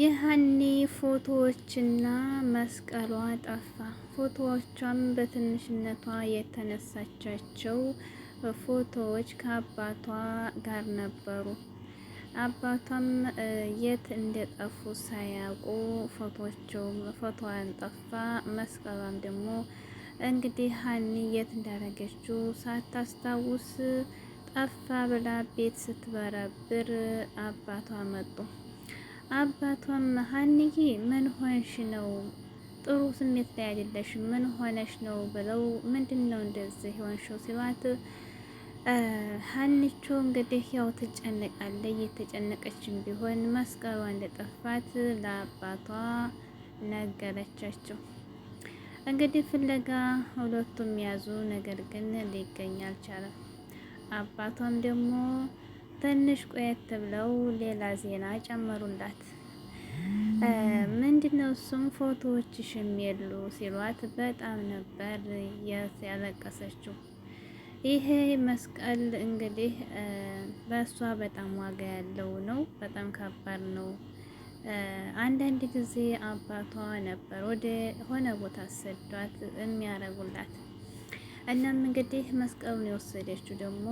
የሃኒ ፎቶዎችና መስቀሏ ጠፋ። ፎቶዎቿም በትንሽነቷ የተነሳቻቸው ፎቶዎች ከአባቷ ጋር ነበሩ። አባቷም የት እንደጠፉ ሳያውቁ ፎቶቸው ፎቶዋን ጠፋ። መስቀሏም ደግሞ እንግዲህ ሀኒ የት እንዳረገችው ሳታስታውስ ጠፋ ብላ ቤት ስትበረብር አባቷ መጡ። አባቷም ሀንዬ ምን ሆንሽ ነው? ጥሩ ስሜት ላይ አይደለሽ፣ ምን ሆነሽ ነው ብለው ምንድን ነው እንደዚህ ሆንሽው ሲሏት ሀንቾ እንግዲህ ያው ትጨነቃለች። እየተጨነቀችም ቢሆን መስቀሏ እንደጠፋት ለአባቷ ነገረቻቸው። እንግዲህ ፍለጋ ሁለቱም ያዙ፣ ነገር ግን ሊገኝ አልቻለም። አባቷም ደግሞ ትንሽ ቆየት ብለው ሌላ ዜና ጨመሩላት። ምንድነው እሱም ፎቶዎችሽም የሉ ሲሏት በጣም ነበር ያለቀሰችው። ይሄ መስቀል እንግዲህ በእሷ በጣም ዋጋ ያለው ነው። በጣም ከባድ ነው። አንዳንድ ጊዜ አባቷ ነበር ወደ ሆነ ቦታ ሰዷት የሚያረጉላት። እናም እንግዲህ መስቀሉን የወሰደችው ደግሞ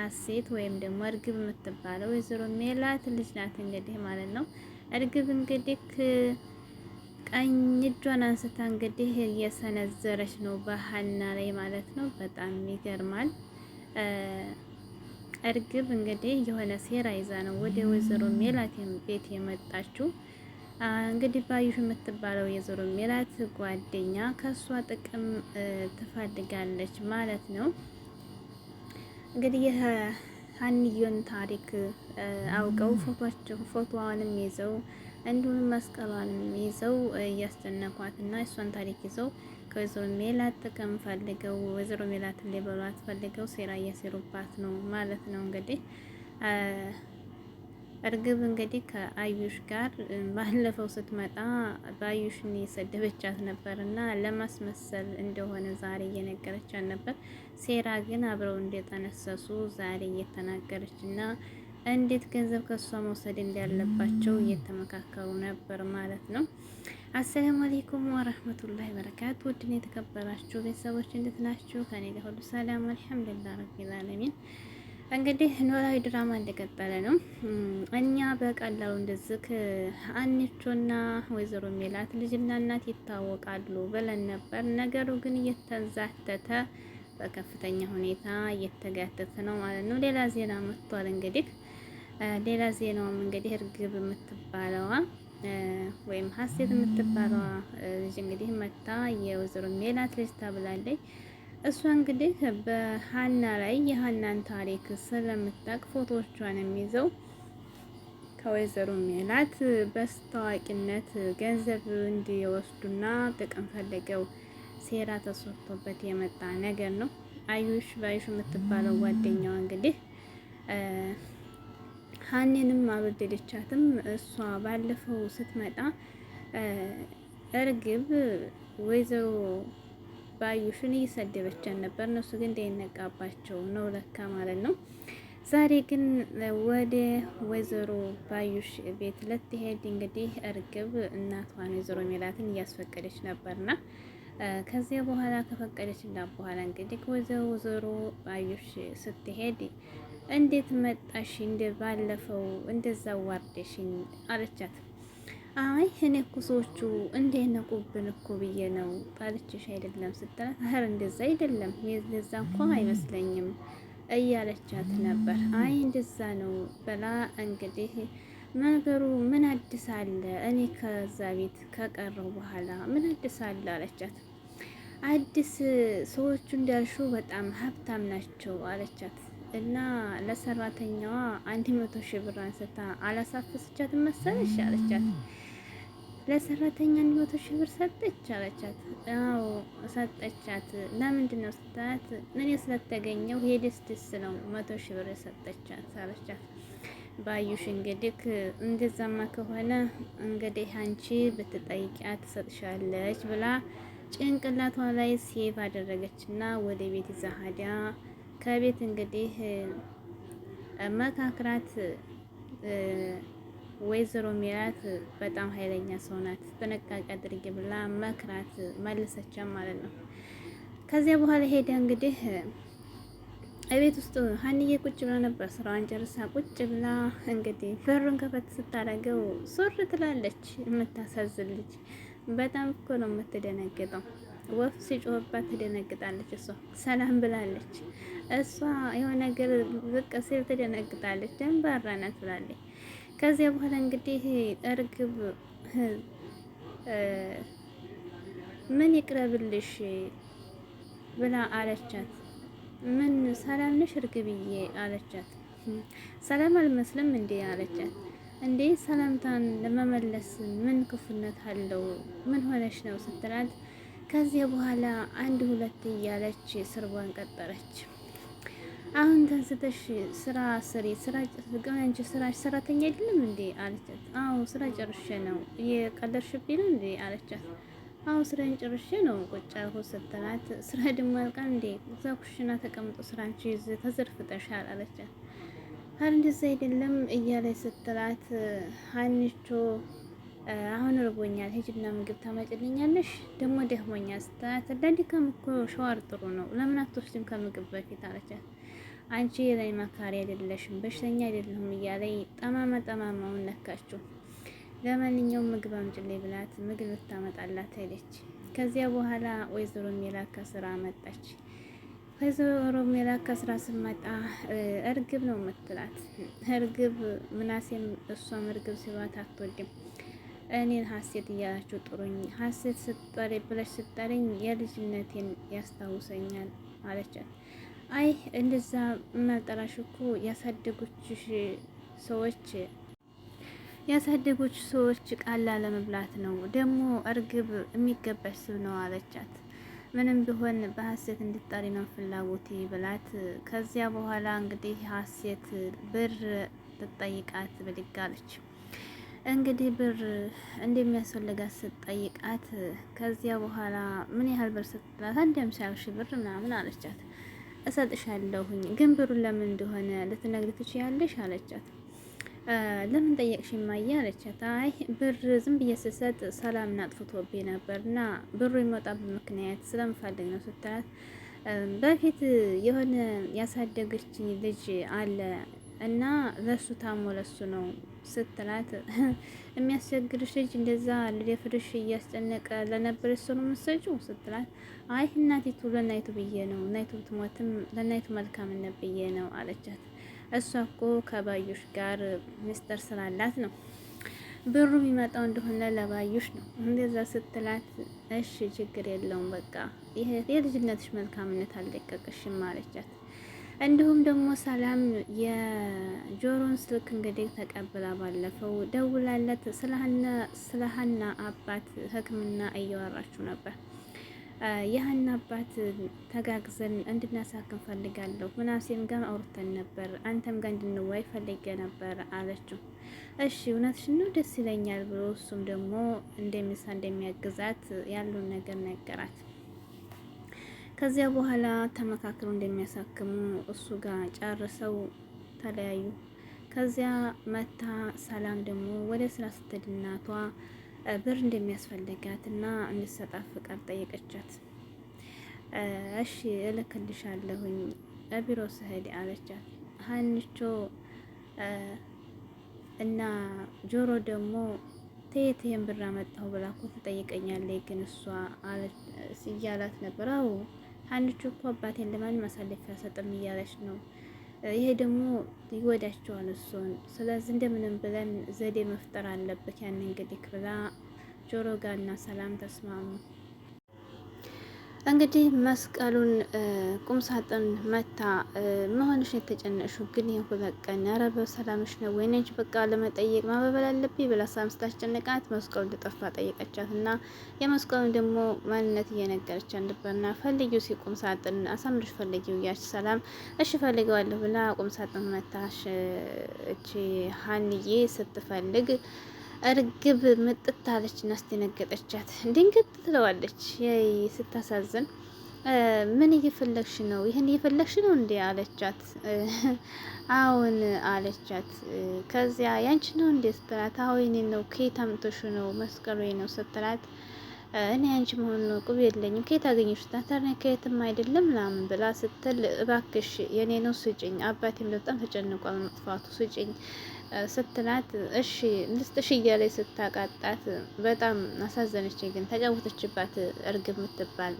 ሀሴት ወይም ደግሞ እርግብ የምትባለው ወይዘሮ ሜላት ልጅ ናት እንግዲህ ማለት ነው። እርግብ እንግዲህ ቀኝ እጇን አንስታ እንግዲህ እየሰነዘረች ነው በሀና ላይ ማለት ነው። በጣም ይገርማል። እርግብ እንግዲህ የሆነ ሴራ ይዛ ነው ወደ ወይዘሮ ሜላት ቤት የመጣችው። እንግዲህ ባዩሽ የምትባለው የወይዘሮ ሜላት ጓደኛ ከሷ ጥቅም ትፈልጋለች ማለት ነው። እንግዲህ የሀንዮን ታሪክ አውቀው ፎቶዋንም ይዘው እንዲሁም መስቀሏንም ይዘው እያስደነቋት እና እሷን ታሪክ ይዘው ከወይዘሮ ሜላት ጥቅም ፈልገው ወይዘሮ ሜላት ሊበሏት ፈልገው ሴራ እያሴሩባት ነው ማለት ነው እንግዲህ እርግብ እንግዲህ ከአዩሽ ጋር ባለፈው ስትመጣ በአዩሽን የሰደበቻት ነበር እና ለማስመሰል እንደሆነ ዛሬ እየነገረቻት ነበር። ሴራ ግን አብረው እንደጠነሰሱ ዛሬ እየተናገረች እና እንዴት ገንዘብ ከእሷ መውሰድ እንዳለባቸው እየተመካከሩ ነበር ማለት ነው። አሰላሙ አሌይኩም ወረህመቱላሂ በረካቱ። ውድን የተከበራችሁ ቤተሰቦች እንዴት ናችሁ? ከኔ ጋር ሁሉ ሰላም አልሐምዱሊላህ ረቢል አለሚን እንግዲህ ኖላዊ ድራማ እንደቀጠለ ነው። እኛ በቀላሉ እንደዚህ አንቾና ወይዘሮ ሜላት ልጅና እናት ይታወቃሉ ብለን ነበር። ነገሩ ግን እየተዛተተ በከፍተኛ ሁኔታ እየተጋተተ ነው ማለት ነው። ሌላ ዜና መጥቷል። እንግዲህ ሌላ ዜናውም እንግዲህ እርግብ የምትባለዋ ወይም ሀሴት የምትባለዋ ልጅ እንግዲህ መታ የወይዘሮ ሜላት ልጅ ታብላለች። እሷ እንግዲህ በሀና ላይ የሀናን ታሪክ ስለምታቅ ፎቶዎቿን የሚይዘው ከወይዘሮ ሜላት በስታዋቂነት ገንዘብ እንዲወስዱና ጥቅም ፈለገው ሴራ ተሰርቶበት የመጣ ነገር ነው። አዩሽ ባዩሽ የምትባለው ጓደኛዋ እንግዲህ ሀኔንም አልወደደቻትም። እሷ ባለፈው ስትመጣ እርግብ ወይዘሮ ባዩሽን እየሰደበችን ነበር። እነሱ ግን እንዳይነቃባቸው ነው ለካ ማለት ነው። ዛሬ ግን ወደ ወይዘሮ ባዩሽ ቤት ልትሄድ እንግዲህ እርግብ እናቷን ወይዘሮ ሜላትን እያስፈቀደች ነበርና ከዚያ በኋላ ከፈቀደችላት በኋላ እንግዲህ ወደ ወይዘሮ ባዩሽ ስትሄድ እንዴት መጣሽ? እንደ ባለፈው እንደዛ ዋርደሽኝ አለቻት። አይ እኔ እኮ ሰዎቹ እንደነቁብን እኮ ብዬ ነው ጣልችሽ አይደለም ስትላት፣ አህር እንደዛ አይደለም የዛ እንኳ አይመስለኝም እያለቻት ነበር። አይ እንደዛ ነው በላ እንግዲህ ነገሩ ምን አዲስ አለ? እኔ ከዛ ቤት ከቀረው በኋላ ምን አዲስ አለ አለቻት። አዲስ ሰዎቹ እንዳልሹ በጣም ሀብታም ናቸው አለቻት። እና ለሰራተኛዋ አንድ መቶ ሺህ ብር አንስታ አላሳፈሰቻት መሰለሽ አለቻት። ለሰራተኛ መቶ ሺህ ብር ሰጠች አለቻት። አዎ ሰጠቻት። ለምንድን ነው ስታት፣ እኔ ስለተገኘው ሄደስ ደስ ነው መቶ ሺህ ብር ሰጠቻት አለቻት። ባዩሽ እንግዲህ እንደዛማ ከሆነ እንግዲህ አንቺ ብትጠይቂያት ትሰጥሻለች ብላ ጭንቅላቷ ላይ ሴቭ አደረገችና ወደ ቤት ይዛ ከቤት እንግዲህ መካክራት ወይዘሮ ሜላት በጣም ኃይለኛ ሰው ናት። ጥንቃቄ አድርጊ ብላ መክራት መልሰቻ ማለት ነው። ከዚያ በኋላ ሄደ እንግዲህ እቤት ውስጥ ሀንዬ ቁጭ ብላ ነበር ስራዋን ጨርሳ ቁጭ ብላ እንግዲህ በሩን ከፈት ስታደርገው ሱር ትላለች። የምታሳዝን ልጅ በጣም እኮ ነው የምትደነግጠው። ወፍ ሲጮህባት ትደነግጣለች። እሷ ሰላም ብላለች። እሷ የሆነ ነገር ብቅ ሲል ትደነግጣለች። ደንባራ ናት ብላለች። ከዚያ በኋላ እንግዲህ እርግብ ምን ይቅረብልሽ ብላ አለቻት። ምን ሰላም ነሽ እርግብዬ አለቻት። ሰላም አልመስልም እንዴ አለቻት። እንዴ ሰላምታን ለመመለስ ምን ክፉነት አለው? ምን ሆነሽ ነው ስትላት ከዚያ በኋላ አንድ ሁለት እያለች ስርቧን ቀጠረች። አሁን ተንስተሽ ስራ ስሪ ስራ አንቺ ስራ ሰራተኛ አይደለም እንዴ አለቻት። አዎ ስራ ጨርሼ ነው የቀለድሽብኝ ነው እንዴ አለቻት። አዎ ስራን ጨርሼ ነው ቁጭ አልኩት ስትላት፣ ስራ ደግሞ ያልቃል እንዴ እዛ ኩሽና ተቀምጦ ስራ አንቺ ተዘርፍጠሻል አለቻት። አረ እንደዛ አይደለም እያለ ስትላት፣ ሀኒቾ አሁን እርቦኛል ሂጂና ምግብ ታመጭልኛለሽ ደግሞ ደክሞኛል ስትላት፣ ለድካም እኮ ሸዋር ጥሩ ነው ለምን አትወስድም ከምግብ በፊት አለቻት። አንቺ የላይ መካሪ አይደለሽም፣ በሽተኛ አይደለሁም እያለ ጠማማ ጠማማውን ነካችው። ለማንኛውም ምግብ አምጪልኝ ብላት ምግብ ልታመጣላት ሄደች። ከዚያ በኋላ ወይዘሮ ሜላት ከስራ መጣች። ወይዘሮ ሜላት ከስራ ስመጣ እርግብ ነው የምትላት። እርግብ ምናሴም እሷም እርግብ ሲሏት አትወድም። እኔን ሀሴት እያላችሁ ጥሩኝ፣ ሀሴት ስጠሪ ብለሽ ስጠሪኝ የልጅነቴን ያስታውሰኛል አለቻት። አይ እንደዛ መጠላሽ እኮ ያሳደጉችሽ ሰዎች ያሳደጉች ሰዎች ቃላ ለመብላት ነው። ደግሞ እርግብ የሚገባሽ ስብ ነው አለቻት። ምንም ቢሆን በሀሴት እንድጠሪ ነው ፍላጎቴ ብላት፣ ከዚያ በኋላ እንግዲህ ሀሴት ብር ትጠይቃት ብድግ አለች። እንግዲህ ብር እንደሚያስፈልጋት ስትጠይቃት፣ ከዚያ በኋላ ምን ያህል ብር ስትላት አንድ ሃምሳ ሺህ ብር ምናምን አለቻት። እሰጥሻለሁኝ ግን ብሩን ለምን እንደሆነ ልትነግሪ ትችያለሽ አለቻት። ለምን ጠየቅሽ እማዬ አለቻት። አይ ብር ዝም ብዬ ስሰጥ ሰላምን አጥፍቶብኝ ነበር እና ብሩ የሚወጣበት ምክንያት ስለምፈልግ ነው ስትላት በፊት የሆነ ያሳደገችኝ ልጅ አለ እና ለሱ ታሞ ለሱ ነው ስትላት የሚያስቸግርሽ ልጅ እንደዛ ልደፍርሽ እያስጨነቀ ለነበር ሰው ነው የምትሰጪው ስትላት፣ አይ እናቲቱ ለናይቱ ብዬ ነው ናይቱ ብትሞትም ለናይቱ መልካምነት ብዬ ነው አለቻት። እሷ እኮ ከባዩሽ ጋር ምስጢር ስላላት ነው ብሩ የሚመጣው እንደሆነ ለባዩሽ ነው እንደዛ ስትላት፣ እሺ ችግር የለውም በቃ ይሄ የልጅነትሽ መልካምነት አልለቀቅሽም አለቻት። እንዲሁም ደግሞ ሰላም የጆሮን ስልክ እንግዲህ ተቀብላ ባለፈው ደውላለት ስለሀና አባት ሕክምና እያወራችሁ ነበር። የሀና አባት ተጋግዘን እንድናሳክም ፈልጋለሁ ምናሴም ጋር አውርተን ነበር፣ አንተም ጋር እንድንወይ ፈልገ ነበር አለችው። እሺ እውነትሽ ነው ደስ ይለኛል ብሎ እሱም ደግሞ እንደሚሳ እንደሚያግዛት ያሉን ነገር ነገራት። ከዚያ በኋላ ተመካክሮ እንደሚያሳክሙ እሱ ጋር ጨርሰው ተለያዩ። ከዚያ መታ ሰላም ደግሞ ወደ ስራ ስትሄድ እናቷ ብር እንደሚያስፈልጋት እና እንድትሰጣት ፍቃድ ጠየቀቻት። እሺ እልክልሻለሁኝ ቢሮ ስሄድ አለቻት። ሀንቾ እና ጆሮ ደግሞ ተየት ይሄን ብር አመጣሁ ብላ እኮ ትጠይቀኛለች፣ ግን እሷ እያላት ነበር። አዎ አንቺ እኮ አባቴን ለማንም ማሳለፊያ ሰጥም እያለች ነው። ይሄ ደግሞ ይወዳቸዋል እሱን። ስለዚህ እንደምንም ብለን ዘዴ መፍጠር አለበት። ያን እንግዲህ ብላ ጆሮ ሰላም ተስማሙ። እንግዲህ መስቀሉን ቁምሳጥን መታ መሆንሽ የተጨነሹ፣ ግን ይህ በቀን ቀን ኧረ በሰላምሽ ነው ወይ ነች በቃ ለመጠየቅ ማበበል አለብኝ ብላ ሳምስታች ጨነቃት። መስቀሉ እንደጠፋ ጠየቀቻት እና የመስቀሉን ደግሞ ማንነት እየነገረች አንድበና ፈልጊው ሲ ቁምሳጥን አሳምርሽ ፈልጊው እያች ሰላም እሺ ፈልገዋለሁ ብላ ቁምሳጥን መታሽ እቺ ሀንዬ ስትፈልግ እርግብ ምጥት አለች እና አስደነገጠቻት። ድንግጥ ትለዋለች። ስታሳዝን ምን እየፈለግሽ ነው? ይህን እየፈለግሽ ነው እንዴ አለቻት። አሁን አለቻት። ከዚያ ያንቺ ነው እንዴ ስትላት፣ አዎ የኔ ነው። ከየት አምጥተሽ ነው? መስቀሉ ነው ስትላት፣ እኔ ያንቺ መሆኑ ነው። ቁብ የለኝም። ከየት አገኘሽ? ታታርነ ከየትም አይደለም ምናምን ብላ ስትል፣ እባክሽ የኔ ነው ስጭኝ። አባቴም በጣም ተጨንቋል መጥፋቱ፣ ስጭኝ ስትላት እሺ ልስጥሽ እያለች ስታቃጣት በጣም አሳዘነች። ግን ተጫወተችባት፣ እርግብ የምትባል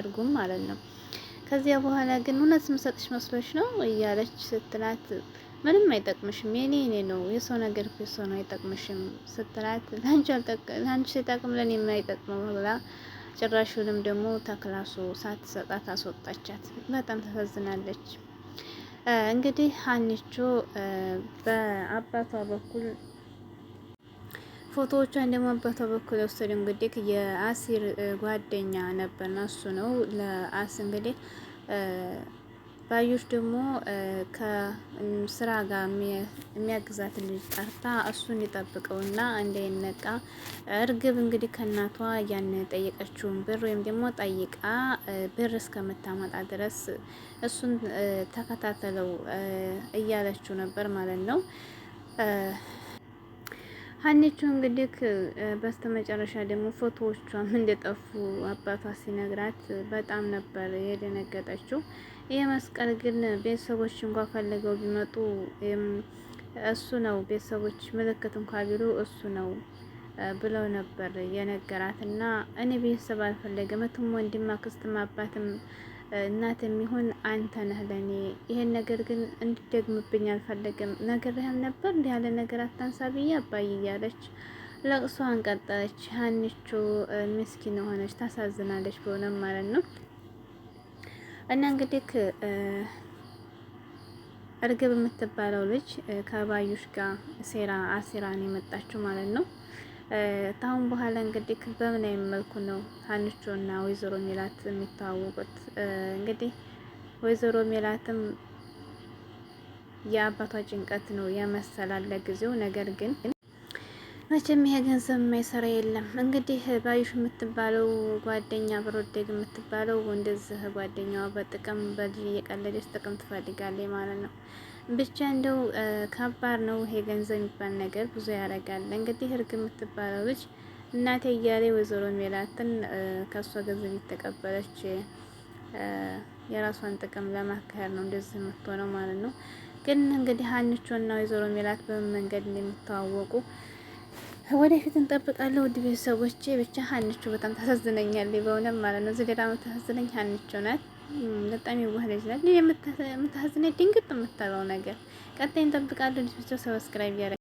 እርጉም ማለት ነው። ከዚያ በኋላ ግን እውነት የምሰጥሽ መስሎች ነው እያለች ስትላት ምንም አይጠቅምሽም፣ የኔ የኔ ነው፣ የሰው ነገር የሰው ነው፣ አይጠቅምሽም ስትላት ለአንቺ ሲጠቅም ለእኔ ምን ብላ ጭራሹንም ደግሞ ተክላሱ ሳትሰጣት አስወጣቻት። በጣም ተሳዝናለች። እንግዲህ ሀኒቾ በአባቷ በኩል ፎቶዎቿን ደግሞ አባቷ በኩል የወሰደው እንግዲህ የአሲር ጓደኛ ነበርና እሱ ነው ለአስ እንግዲህ ባዩሽ ደግሞ ከስራ ጋር የሚያግዛት ልጅ ጠርታ እሱ እንዲጠብቀውና እንዳይነቃ እርግብ እንግዲህ ከእናቷ ያን ጠየቀችውን ብር ወይም ደግሞ ጠይቃ ብር እስከምታመጣ ድረስ እሱን ተከታተለው እያለችው ነበር ማለት ነው። ሀኒቹ እንግዲህ በስተመጨረሻ ደግሞ ፎቶዎቿም እንደጠፉ አባቷ ሲነግራት በጣም ነበር የደነገጠችው። ይህ መስቀል ግን ቤተሰቦች እንኳ ፈልገው ቢመጡ እሱ ነው ቤተሰቦች ምልክት እንኳ ቢሉ እሱ ነው ብለው ነበር የነገራት እና እኔ ቤተሰብ አልፈለገም እትም ወንድም አክስትም አባትም እናት የሚሆን አንተ ነህ ለእኔ ይሄን ነገር ግን እንድደግምብኝ አልፈለግም። ነግሬህም ነበር እንዲህ ያለ ነገር ብዬ አባይ እያለች ለቅሷን ቀጠለች። ሀኒቹ ምስኪን ሆነች፣ ታሳዝናለች በሆነም ማለት ነው። እና እንግዲህ እርግብ የምትባለው ልጅ ከባዩሽ ጋር ሴራ አሴራን የመጣችው ማለት ነው። ታሁን በኋላ እንግዲህ በምን አይነት መልኩ ነው እና ወይዘሮ ሜላት የሚተዋወቁት? እንግዲህ ወይዘሮ ሜላትም የአባቷ ጭንቀት ነው የመሰላለ ጊዜው ነገር ግን መቼም ይሄ ገንዘብ የማይሰራ የለም። እንግዲህ ባዩሽ የምትባለው ጓደኛ ብሮዴግ የምትባለው እንደዚህ ጓደኛዋ በጥቅም በልጅ እየቀለደች ጥቅም ትፈልጋለች ማለት ነው። ብቻ እንደው ከባድ ነው ይሄ ገንዘብ የሚባል ነገር ብዙ ያደርጋል። እንግዲህ እርግብ የምትባለው ልጅ እናቴ እያለ ወይዘሮ ሜላትን ከእሷ ገንዘብ የተቀበለች የራሷን ጥቅም ለማካሄድ ነው እንደዚህ የምትሆነው ማለት ነው። ግን እንግዲህ ሀኒቾና ወይዘሮ ሜላት በምን መንገድ እንደሚተዋወቁ ወደፊት እንጠብቃለሁ። ውድ ቤተሰቦቼ ብቻ ሀኒቾ በጣም ታሳዝነኛለች በእውነት ማለት ነው። እዚህ ገዳም ታሳዝነኝ ሀኒቾ ናት። በጣም የዋህ ልጅ ናት። የምታዝነ ድንግጥ የምትለው ነገር ቀጣይ እንጠብቃለን። ልጆቻቸው ሰብስክራይብ ያረ